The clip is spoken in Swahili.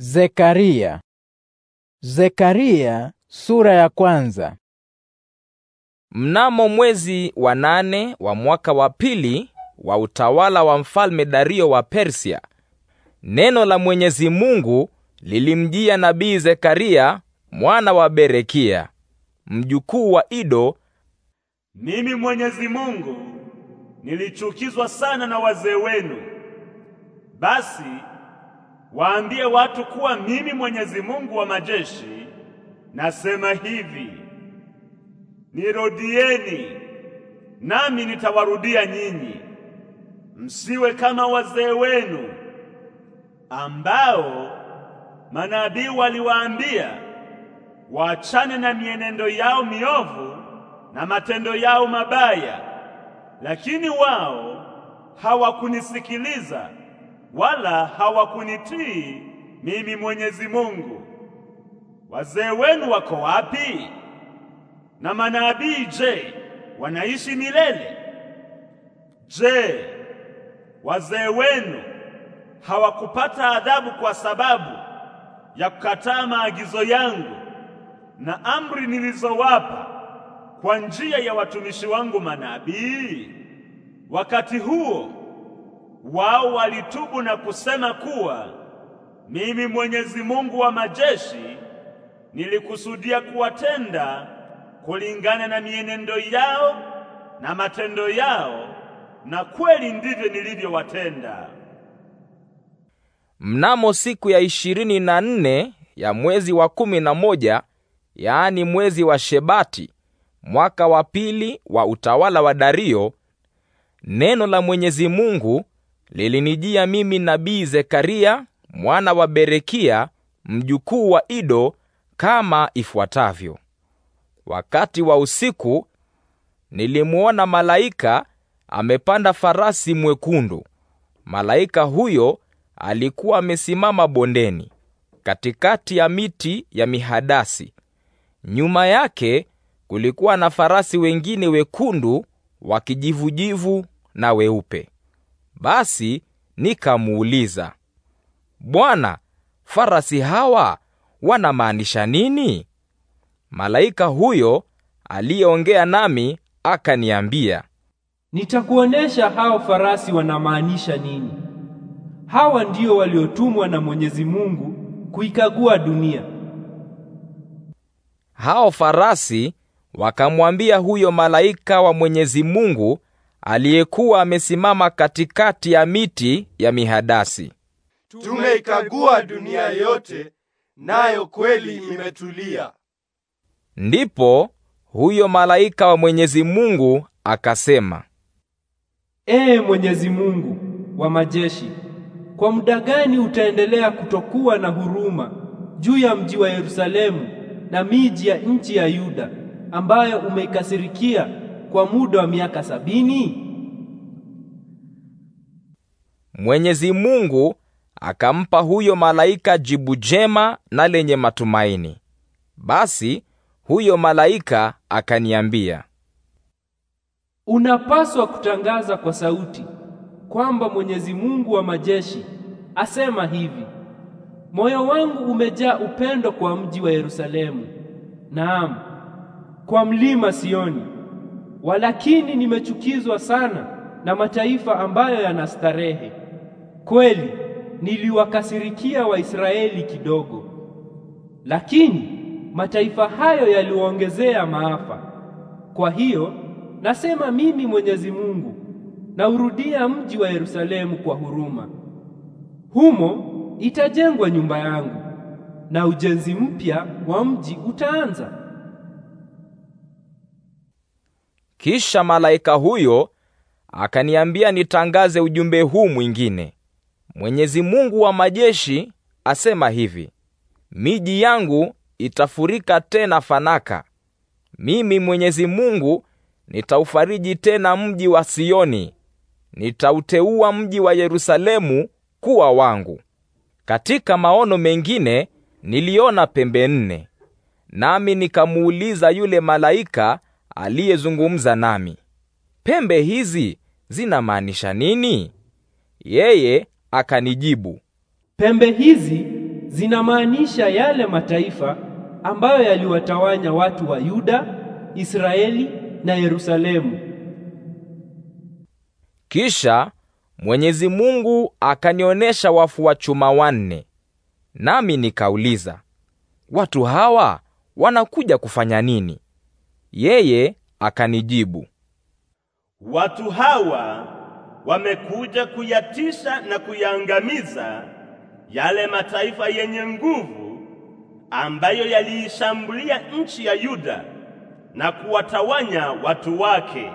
Zekaria. Zekaria sura ya kwanza. Mnamo mwezi wa nane wa mwaka wa pili wa utawala wa mfalme Dario wa Persia, neno la Mwenyezi Mungu lilimjia nabii Zekaria mwana wa Berekia, mjukuu wa Ido. Mimi Mwenyezi Mungu nilichukizwa sana na wazee wenu, basi waambie watu kuwa mimi Mwenyezi Mungu wa majeshi nasema hivi, nirudieni nami nitawarudia nyinyi, msiwe kama wazee wenu ambao manabii waliwaambia waachane na mienendo yao miovu na matendo yao mabaya, lakini wao hawakunisikiliza wala hawakunitii mimi Mwenyezi Mungu. Wazee wenu wako wapi? Na manabii je, wanaishi milele? Je, wazee wenu hawakupata adhabu kwa sababu ya kukataa maagizo yangu na amri nilizowapa kwa njia ya watumishi wangu manabii? Wakati huo wao walitubu na kusema kuwa mimi Mwenyezi Mungu wa majeshi nilikusudia kuwatenda kulingana na mienendo yao na matendo yao, na kweli ndivyo nilivyowatenda. Mnamo siku ya ishirini na nne ya mwezi wa kumi na moja yaani mwezi wa Shebati mwaka wa pili wa utawala wa Dario, neno la Mwenyezi Mungu lilinijia mimi nabii Zekaria mwana wa Berekia mjukuu wa Ido kama ifuatavyo: wakati wa usiku nilimwona malaika amepanda farasi mwekundu. Malaika huyo alikuwa amesimama bondeni katikati ya miti ya mihadasi. Nyuma yake kulikuwa na farasi wengine wekundu wakijivujivu na weupe. Basi nikamuuliza, Bwana, farasi hawa wanamaanisha nini? Malaika huyo aliyeongea nami akaniambia, nitakuonesha hao farasi wanamaanisha nini. Hawa ndio waliotumwa na Mwenyezi Mungu kuikagua dunia. Hao farasi wakamwambia huyo malaika wa Mwenyezi Mungu aliyekuwa amesimama katikati ya miti ya mihadasi. Tumeikagua dunia yote, nayo kweli imetulia. Ndipo huyo malaika wa Mwenyezi Mungu akasema, Ee Mwenyezi Mungu wa majeshi, kwa muda gani utaendelea kutokuwa na huruma juu ya mji wa Yerusalemu na miji ya nchi ya Yuda ambayo umeikasirikia kwa muda wa miaka sabini. Mwenyezi Mungu akampa huyo malaika jibu jema na lenye matumaini. Basi huyo malaika akaniambia, unapaswa kutangaza kwa sauti kwamba Mwenyezi Mungu wa majeshi asema hivi: moyo wangu umejaa upendo kwa mji wa Yerusalemu, naam, kwa mlima Sioni walakini nimechukizwa sana na mataifa ambayo yanastarehe. Kweli niliwakasirikia Waisraeli kidogo, lakini mataifa hayo yaliwaongezea maafa. Kwa hiyo nasema mimi Mwenyezi Mungu naurudia mji wa Yerusalemu kwa huruma. Humo itajengwa nyumba yangu na ujenzi mpya wa mji utaanza. Kisha malaika huyo akaniambia nitangaze ujumbe huu mwingine: Mwenyezi Mungu wa majeshi asema hivi: miji yangu itafurika tena fanaka. Mimi Mwenyezi Mungu nitaufariji tena mji wa Sioni, nitauteua mji wa Yerusalemu kuwa wangu. Katika maono mengine niliona pembe nne, nami nikamuuliza yule malaika aliyezungumza nami, pembe hizi zinamaanisha nini? Yeye akanijibu, pembe hizi zinamaanisha yale mataifa ambayo yaliwatawanya watu wa Yuda, Israeli na Yerusalemu. Kisha Mwenyezi Mungu akanionyesha wafu wa chuma wanne, nami nikauliza, watu hawa wanakuja kufanya nini? Yeye akanijibu, watu hawa wamekuja kuyatisha na kuyaangamiza yale mataifa yenye nguvu ambayo yaliishambulia nchi ya Yuda na kuwatawanya watu wake.